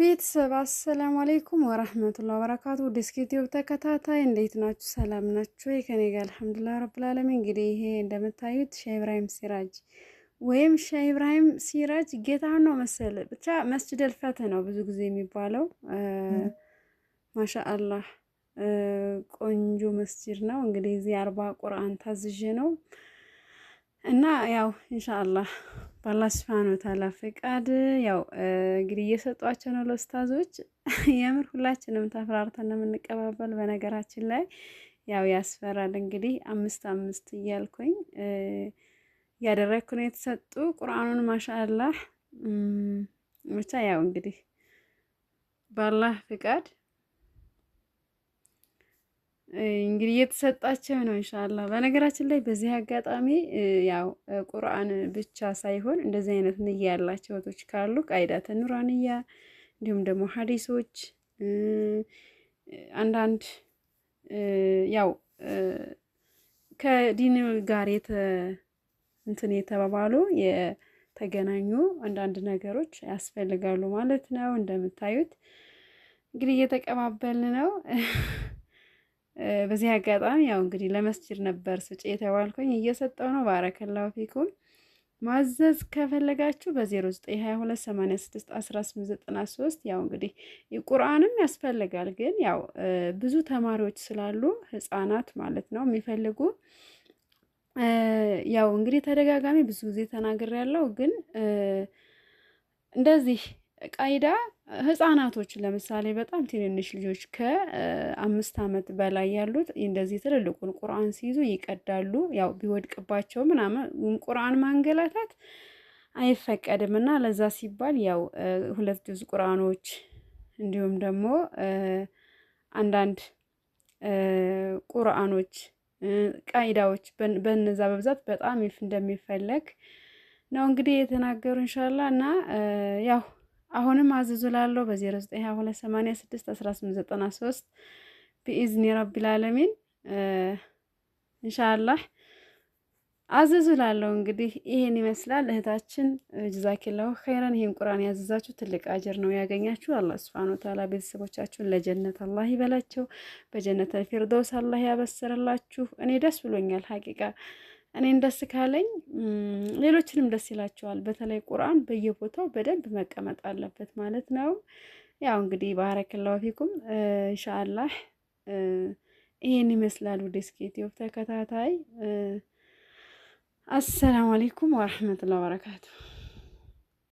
ቤተሰብ አሰላሙ አለይኩም ወራህመቱላ ወበረካቱ። ዲስክቲዩብ ተከታታይ እንዴት ናችሁ? ሰላም ናችሁ? ከኔ ጋር አልሐምዱላ ረብልዓለሚን። እንግዲህ ይሄ እንደምታዩት ሻ ኢብራሂም ሲራጅ ወይም ሻ ኢብራሂም ሲራጅ ጌታ ነው መሰል ብቻ መስጅድ ልፈት ነው ብዙ ጊዜ የሚባለው። ማሻአላህ ቆንጆ መስጅድ ነው። እንግዲህ እዚህ አርባ ቁርአን ታዝዤ ነው እና ያው ኢንሻአላህ ባላ ስብሃነ ወተዓላ ፍቃድ ያው እንግዲህ እየሰጧቸው ነው ለኡስታዞች። የምር ሁላችንም ተፈራርተን ነው የምንቀባበል። በነገራችን ላይ ያው ያስፈራል እንግዲህ አምስት አምስት እያልኩኝ ያደረግኩ ነው የተሰጡ ቁርአኑን ማሻአላህ ብቻ ያው እንግዲህ በአላህ ፍቃድ እንግዲህ እየተሰጣቸው ነው እንሻላ። በነገራችን ላይ በዚህ አጋጣሚ ያው ቁርአን ብቻ ሳይሆን እንደዚህ አይነት ንያ ያላቸው ወቶች ካሉ ቃይዳተ ኑራንያ እንዲሁም ደግሞ ሀዲሶች አንዳንድ ያው ከዲን ጋር የተ እንትን የተባባሉ የተገናኙ አንዳንድ ነገሮች ያስፈልጋሉ ማለት ነው። እንደምታዩት እንግዲህ እየተቀባበልን ነው። በዚህ አጋጣሚ ያው እንግዲህ ለመስጅድ ነበር ስጭ የተባልኩኝ እየሰጠው ነው። ባረከላሁ ፊኩም። ማዘዝ ከፈለጋችሁ በ0922861893 ያው እንግዲህ ቁርአንም ያስፈልጋል፣ ግን ያው ብዙ ተማሪዎች ስላሉ ህጻናት ማለት ነው የሚፈልጉ ያው እንግዲህ ተደጋጋሚ ብዙ ጊዜ ተናግሬያለሁ ግን እንደዚህ ቃይዳ ህጻናቶች ለምሳሌ በጣም ትንንሽ ልጆች ከአምስት ዓመት በላይ ያሉት እንደዚህ ትልልቁን ቁርአን ሲይዙ ይቀዳሉ። ያው ቢወድቅባቸው ምናምን ቁርአን ማንገላታት አይፈቀድም እና ለዛ ሲባል ያው ሁለት ጁዝ ቁርአኖች እንዲሁም ደግሞ አንዳንድ ቁርአኖች ቃይዳዎች በነዛ በብዛት በጣም እንደሚፈለግ ነው እንግዲህ የተናገሩ። እንሻላ እና ያው አሁንም አዝዙ ላለው በ0922861893 ቢኢዝኒ ረቢል ዓለሚን አዝዙ ላለው። እንግዲህ ይሄን ይመስላል እህታችን። ጅዛኪላሁ ኸይረን። ይህን ቁርአን ያዘዛችሁ ትልቅ አጀር ነው ያገኛችሁ። አላህ ሱብሓነሁ ወተዓላ ቤተሰቦቻችሁን ለጀነት አላህ ይበላቸው፣ በጀነት ፊርደውስ አላህ ያበስርላችሁ። እኔ ደስ ብሎኛል ሀቂቃ እኔን ደስ ካለኝ ሌሎችንም ደስ ይላቸዋል። በተለይ ቁርአን በየቦታው በደንብ መቀመጥ አለበት ማለት ነው። ያው እንግዲህ ባረከላሁ ፊኩም ኢንሻአላህ ይሄን ይመስላል። ወደ ስኬቲዮብ ተከታታይ አሰላሙ አለይኩም ወራህመቱላሂ ወበረካቱሁ።